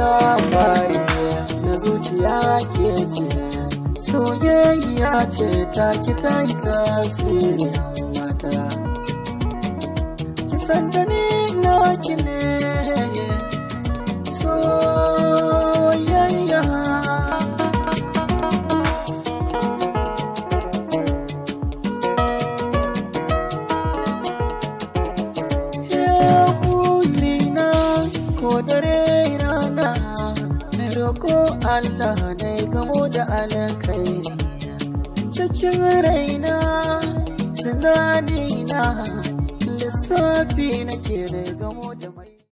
labari na zuciya ke ce soyayya ce ta ki ta yi tasiri mata ki san da ni ki ne dare rana na roko Allah na gamo da alakai cikin raina tunanina lissafi nake da gamo da